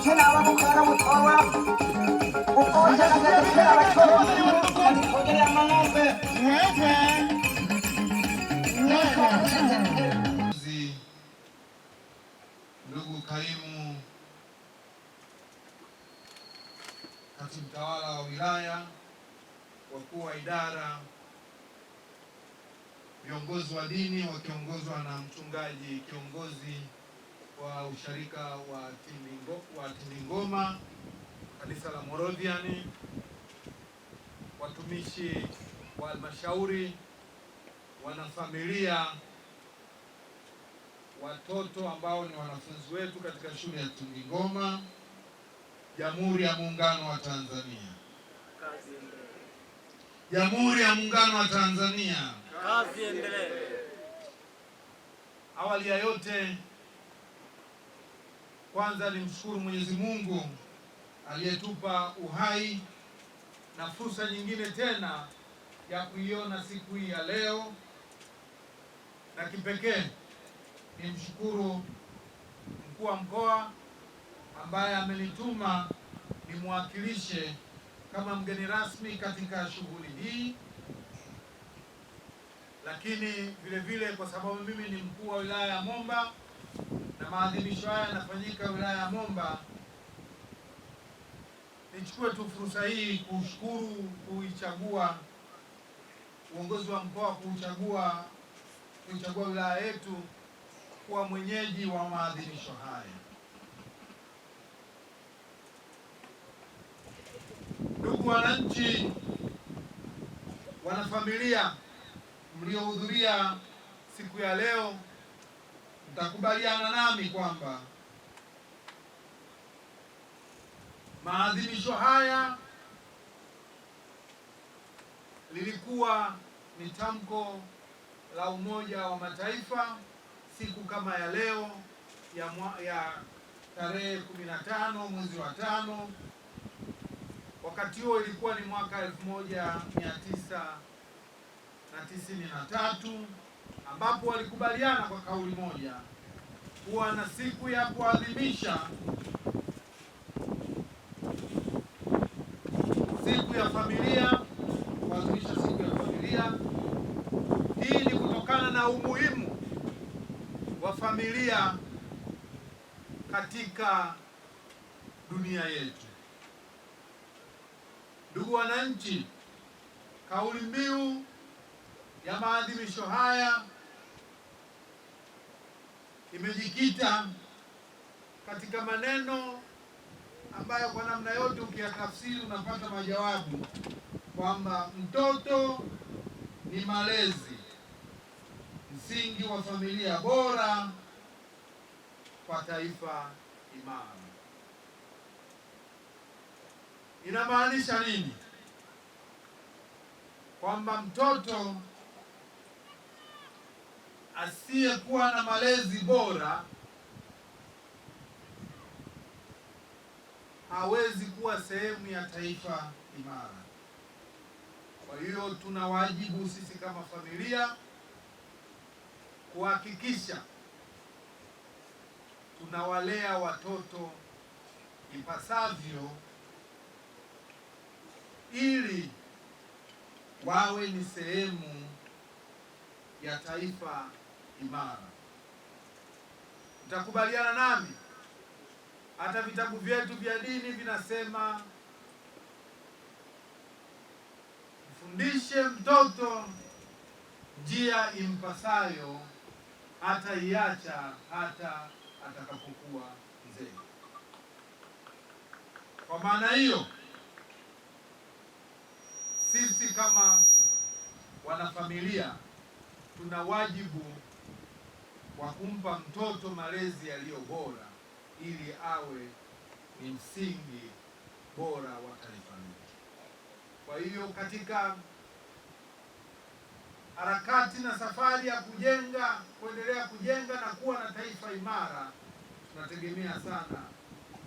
Ndugu kaimu katibu mtawala wa wilaya, wakuu wa idara, viongozi wa dini wakiongozwa na mchungaji kiongozi wa usharika wa Tilingo, wa Tilingoma kanisa la Moravian, watumishi wa halmashauri, wanafamilia, watoto ambao ni wanafunzi wetu katika shule ya Tilingoma, Jamhuri ya Muungano wa Tanzania. Jamhuri ya Muungano wa Tanzania. Kazi endelee. Awali ya yote kwanza nimshukuru Mwenyezi Mungu aliyetupa uhai na fursa nyingine tena ya kuiona siku hii ya leo, na kipekee nimshukuru mkuu wa mkoa ambaye amenituma nimwakilishe kama mgeni rasmi katika shughuli hii, lakini vile vile kwa sababu mimi ni mkuu wa wilaya ya Momba na maadhimisho haya yanafanyika wilaya ya Momba. Nichukue tu fursa hii kushukuru kuichagua uongozi wa mkoa kuuchagua kuichagua wilaya yetu kuwa mwenyeji wa maadhimisho haya. Ndugu wananchi, wanafamilia mliohudhuria siku ya leo mtakubaliana nami kwamba maadhimisho haya lilikuwa ni tamko la Umoja wa Mataifa siku kama ya leo ya, mwa, ya tarehe 15 mwezi wa tano. Wakati huo ilikuwa ni mwaka 1993 ambapo walikubaliana kwa kauli moja kuwa na siku ya kuadhimisha siku ya familia, kuadhimisha siku ya familia. Hii ni kutokana na umuhimu wa familia katika dunia yetu. Ndugu wananchi, kauli mbiu ya maadhimisho haya imejikita katika maneno ambayo kwa namna yote ukiyatafsiri unapata majawabu kwamba mtoto ni malezi, msingi wa familia bora kwa taifa imara. Inamaanisha nini? Kwamba mtoto asiyekuwa na malezi bora hawezi kuwa sehemu ya taifa imara. Kwa hiyo tuna wajibu sisi kama familia kuhakikisha tunawalea watoto ipasavyo ili wawe ni sehemu ya taifa imara. Mtakubaliana nami, hata vitabu vyetu vya dini vinasema mfundishe mtoto njia impasayo, hata iacha hata atakapokuwa mzee. Kwa maana hiyo, sisi kama wanafamilia tuna wajibu kwa kumpa mtoto malezi yaliyo bora ili awe ni msingi bora wa taifa letu. Kwa hiyo katika harakati na safari ya kujenga, kuendelea kujenga na kuwa na taifa imara, tunategemea sana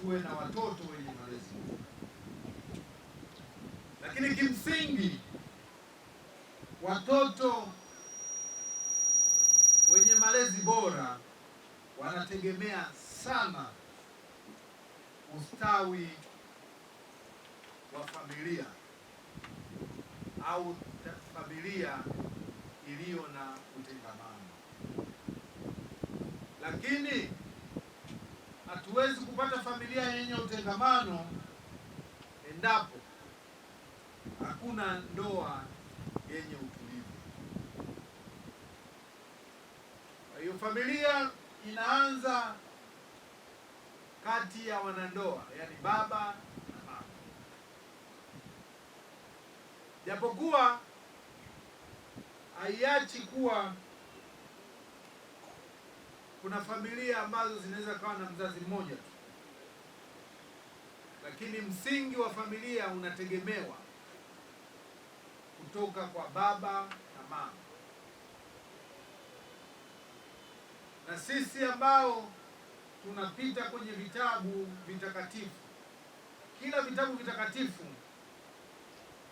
tuwe na watoto wenye malezi bora. Lakini kimsingi watoto malezi bora wanategemea sana ustawi wa familia au familia iliyo na utengamano, lakini hatuwezi kupata familia yenye utengamano endapo hakuna ndoa yenye hiyo familia inaanza kati ya wanandoa, yani baba na mama. Japokuwa haiachi kuwa kuna familia ambazo zinaweza kawa na mzazi mmoja tu, lakini msingi wa familia unategemewa kutoka kwa baba na mama. na sisi ambao tunapita kwenye vitabu vitakatifu, kila vitabu vitakatifu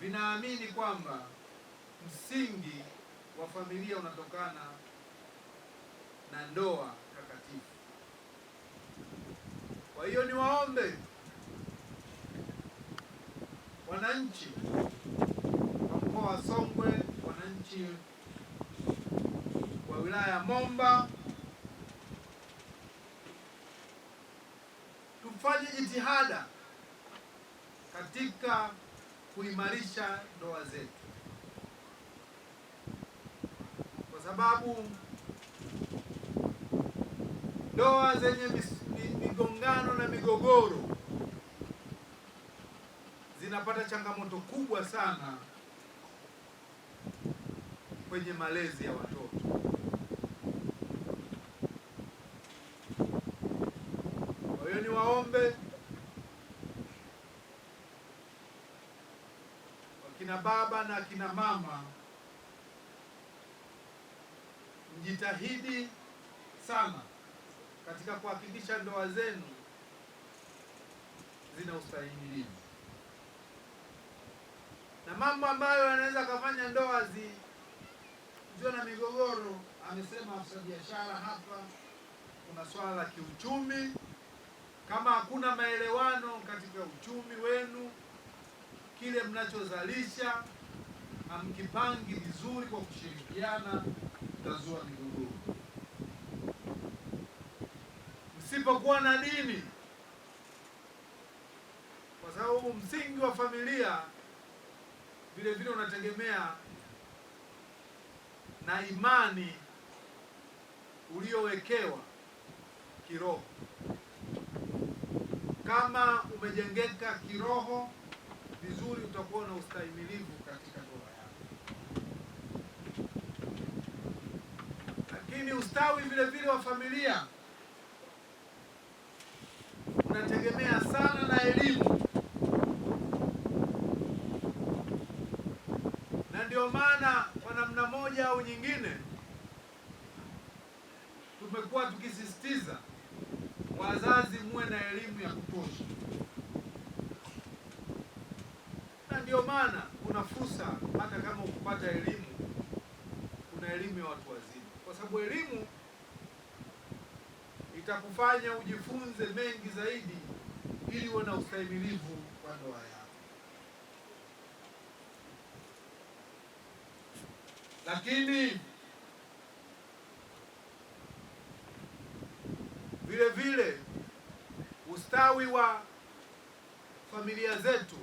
vinaamini kwamba msingi wa familia unatokana na ndoa takatifu. Kwa hiyo niwaombe wananchi wa mkoa wa Songwe, wananchi wa wilaya ya Momba Tufanye jitihada katika kuimarisha ndoa zetu, kwa sababu ndoa zenye migongano na migogoro zinapata changamoto kubwa sana kwenye malezi ya watoto. Mjumbe wakina baba na akina mama, mjitahidi sana katika kuhakikisha ndoa zenu zina ustahimilivu, na mambo ambayo yanaweza kufanya ndoa ziwe na migogoro, amesema afisa biashara hapa. Kuna swala la kiuchumi kama hakuna maelewano katika uchumi wenu, kile mnachozalisha hamkipangi vizuri kwa kushirikiana, mtazua migogoro. Msipokuwa na dini, kwa sababu msingi wa familia vile vile unategemea na imani uliowekewa kiroho. Kama umejengeka kiroho vizuri, utakuwa na ustahimilivu katika ndoa yako, lakini ustawi vile vile wa familia unategemea sana na elimu, na ndio maana kwa namna moja au nyingine tumekuwa tukisisitiza wazazi muwe na elimu ya kutosha, na ndio maana kuna fursa hata kama ukupata elimu, kuna elimu ya watu wazima, kwa sababu elimu itakufanya ujifunze mengi zaidi ili uwe na ustahimilivu wa ndoa yako. Lakini ustawi wa familia zetu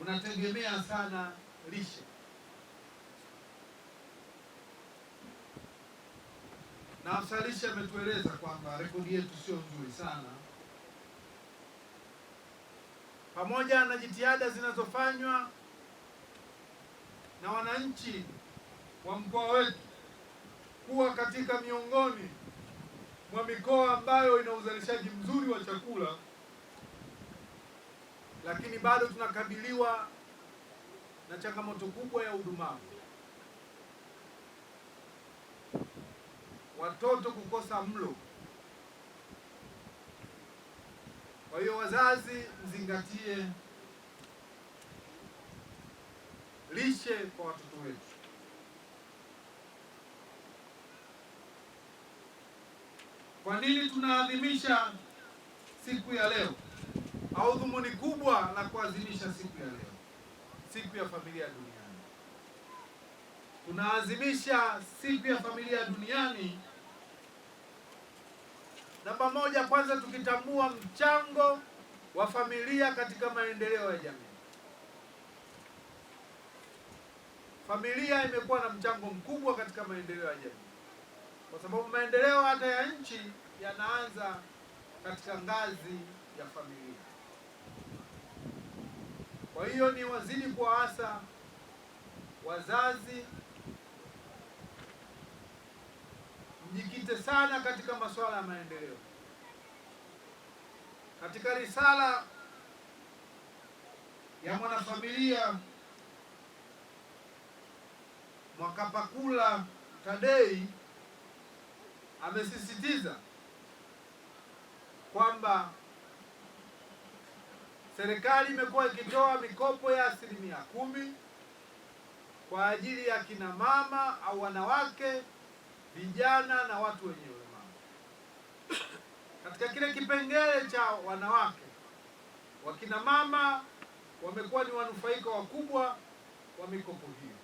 unategemea sana lishe. Na afisa lishe ametueleza kwamba rekodi yetu sio nzuri sana, pamoja na jitihada zinazofanywa na wananchi wa mkoa wetu kuwa katika miongoni mwa mikoa ambayo ina uzalishaji mzuri wa chakula, lakini bado tunakabiliwa na changamoto kubwa ya udumavu, watoto kukosa mlo. Kwa hiyo wazazi, mzingatie lishe kwa watoto wetu. Kwa nini tunaadhimisha siku ya leo au dhumuni kubwa la kuadhimisha siku ya leo, siku ya familia duniani? Tunaadhimisha siku ya familia duniani, namba moja, kwanza tukitambua mchango wa familia katika maendeleo ya jamii. Familia imekuwa na mchango mkubwa katika maendeleo ya jamii kwa sababu maendeleo hata ya nchi yanaanza katika ngazi ya familia. Kwa hiyo ni wazidi kuwaasa wazazi mjikite sana katika masuala ya maendeleo. Katika risala ya mwanafamilia Mwakapakula Tadei amesisitiza kwamba serikali imekuwa ikitoa mikopo ya asilimia kumi kwa ajili ya kina mama au wanawake, vijana na watu wenye ulemavu. Katika kile kipengele cha wanawake, wakina mama wamekuwa ni wanufaika wakubwa wa mikopo hiyo,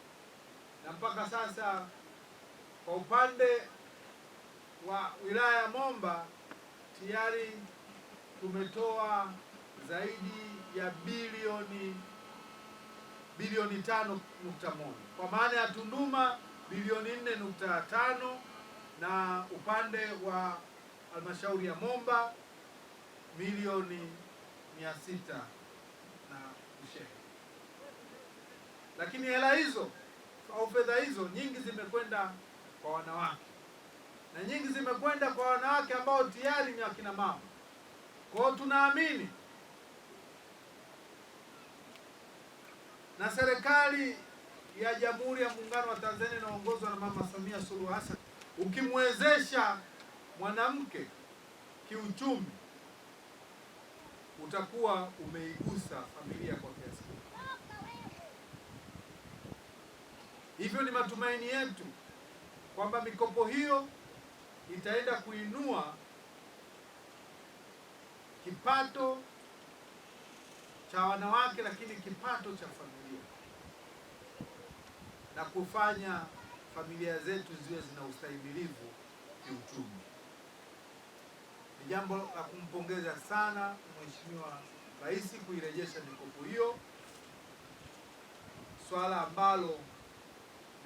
na mpaka sasa kwa upande wa wilaya ya Momba tayari tumetoa zaidi ya bilioni bilioni tano nukta moja kwa maana ya Tunduma bilioni nne nukta tano na upande wa halmashauri ya Momba milioni mia sita na ushehe. Lakini hela hizo au fedha hizo nyingi zimekwenda kwa wanawake na nyingi zimekwenda kwa wanawake ambao tayari ni wakina mama. Kwa hiyo tunaamini na serikali ya Jamhuri ya Muungano wa Tanzania inaongozwa na Mama Samia Suluhu Hassan, ukimwezesha mwanamke kiuchumi utakuwa umeigusa familia kwa kiasi hivyo. Ni matumaini yetu kwamba mikopo hiyo itaenda kuinua kipato cha wanawake, lakini kipato cha familia na kufanya familia zetu ziwe zina ustahimilivu kiuchumi. Ni jambo la kumpongeza sana Mheshimiwa Rais kuirejesha mikopo hiyo, swala ambalo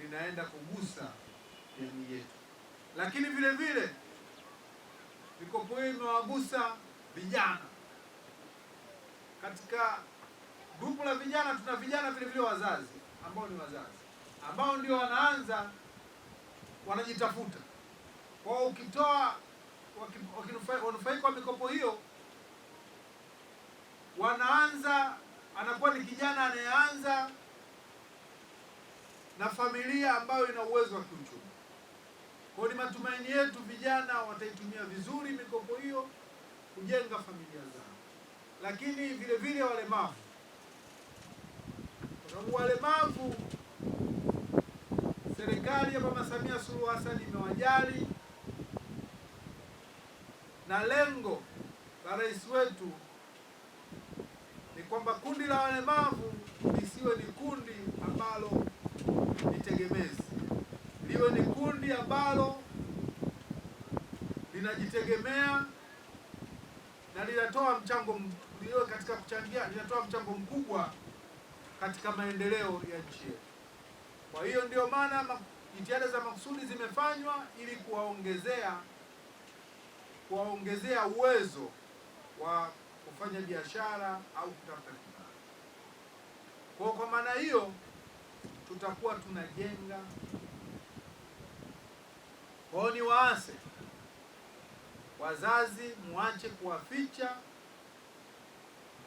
linaenda kugusa jamii yetu lakini vile vile mikopo hiyo imewagusa vijana. Katika grupu la vijana tuna vijana vile vile wazazi ambao ni wazazi ambao ndio wanaanza wanajitafuta kwao, ukitoa wanufaika wa mikopo hiyo wanaanza anakuwa ni kijana anayeanza na familia ambayo ina uwezo wa kiuchumi. Kwa ni matumaini yetu vijana wataitumia vizuri mikopo hiyo kujenga familia zao, lakini vile vile walemavu, kwa sababu walemavu serikali ya Mama Samia Suluhu Hassan imewajali na lengo la rais wetu ni kwamba kundi la walemavu lisiwe ni kundi ambalo ni tegemezi liwe ni kundi ambalo linajitegemea na linatoa mchango liwe katika kuchangia, linatoa mchango mkubwa katika maendeleo ya nchi yetu. Kwa hiyo ndio maana jitihada za makusudi zimefanywa ili kuwaongezea kuwaongezea uwezo wa kufanya biashara au kutafuta kipato. Kwa kwa maana hiyo tutakuwa tunajenga kwa hiyo waase wazazi, muache kuwaficha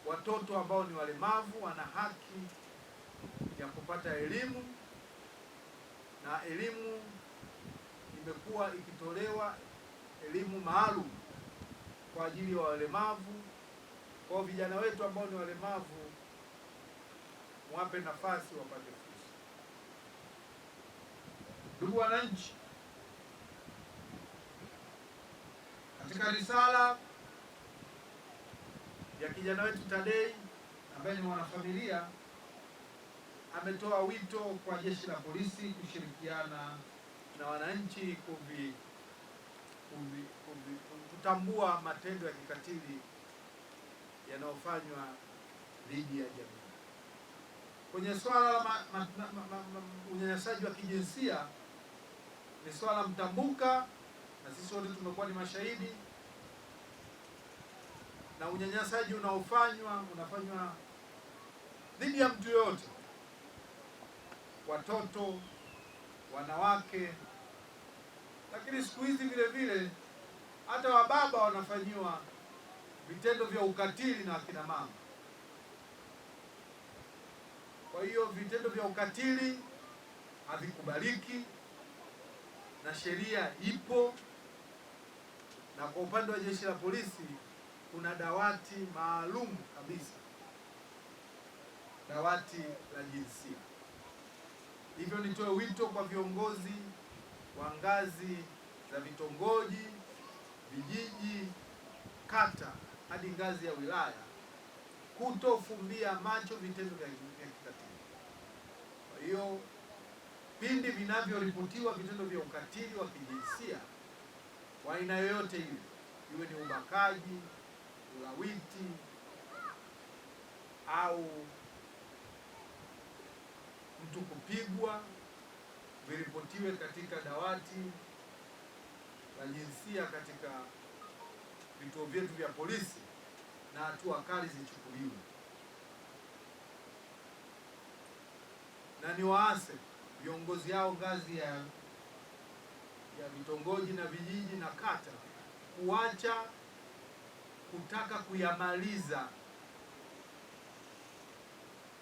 watoto ambao ni walemavu. Wana haki ya kupata elimu na elimu imekuwa ikitolewa, elimu maalum kwa ajili ya walemavu. Kwa vijana wetu ambao ni walemavu, mwape nafasi wapate fursa. Ndugu wananchi, katika risala ya kijana wetu Tadei ambaye ni mwanafamilia, ametoa wito kwa jeshi la polisi kushirikiana na wananchi kuvi, kuvi, kuvi, kutambua matendo ya kikatili yanayofanywa dhidi ya jamii. Kwenye swala la unyanyasaji wa kijinsia ni swala mtambuka na sisi wote tumekuwa ni mashahidi, na unyanyasaji unaofanywa unafanywa dhidi ya mtu yoyote, watoto, wanawake, lakini siku hizi vile vile hata wababa wanafanyiwa vitendo vya ukatili na akina mama. Kwa hiyo vitendo vya ukatili havikubaliki na sheria ipo. Na kwa upande wa jeshi la polisi kuna dawati maalum kabisa, dawati la jinsia. Hivyo nitoe wito kwa viongozi wa ngazi za vitongoji, vijiji, kata hadi ngazi ya wilaya kutofumbia macho vitendo vya kikatili. Kwa hiyo pindi vinavyoripotiwa vitendo vya ukatili wa kijinsia wa aina yoyote ile, iwe ni ubakaji, ulawiti au mtu kupigwa, viripotiwe katika dawati la jinsia katika vituo vyetu vya polisi na hatua kali zichukuliwe. Na niwaase viongozi hao ngazi ya ya vitongoji na vijiji na kata kuacha kutaka kuyamaliza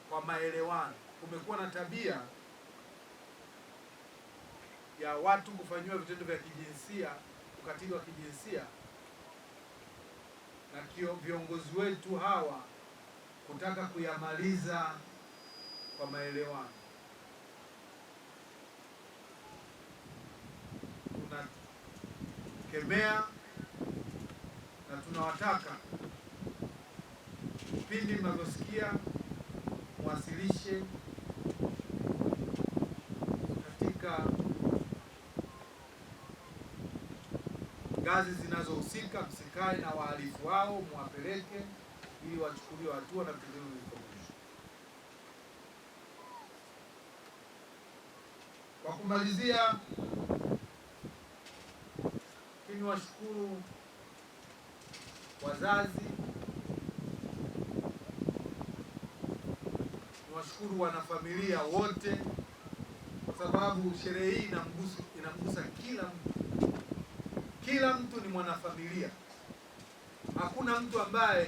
kwa maelewano. Kumekuwa na tabia ya watu kufanyiwa vitendo vya kijinsia, ukatili wa kijinsia, na kio viongozi wetu hawa kutaka kuyamaliza kwa maelewano. kemea na tunawataka pindi mnavyosikia mwasilishe katika ngazi zinazohusika, msikae na wahalifu wao, mwapeleke ili wachukuliwe hatua na vitendo vilivyokomeshwa. Kwa kumalizia niwashukuru washukuru wazazi, ni washukuru wanafamilia wote, kwa sababu sherehe hii inamgusa, inamgusa kila mtu. Kila mtu ni mwanafamilia, hakuna mtu ambaye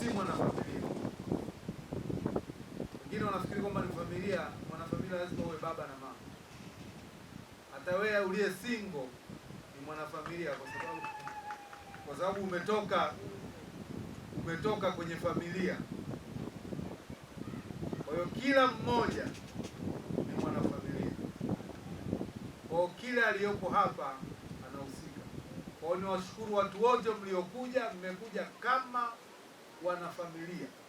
si mwanafamilia. Wengine wanafikiri kwamba ni familia, mwanafamilia lazima uwe baba na mama. Hata wewe uliye single mwanafamilia, kwa sababu kwa sababu umetoka umetoka kwenye familia. Kwa hiyo kila mmoja ni mwanafamilia, kwa hiyo kila aliyoko hapa anahusika. Kwa hiyo niwashukuru watu wote mliokuja, mmekuja kama wanafamilia.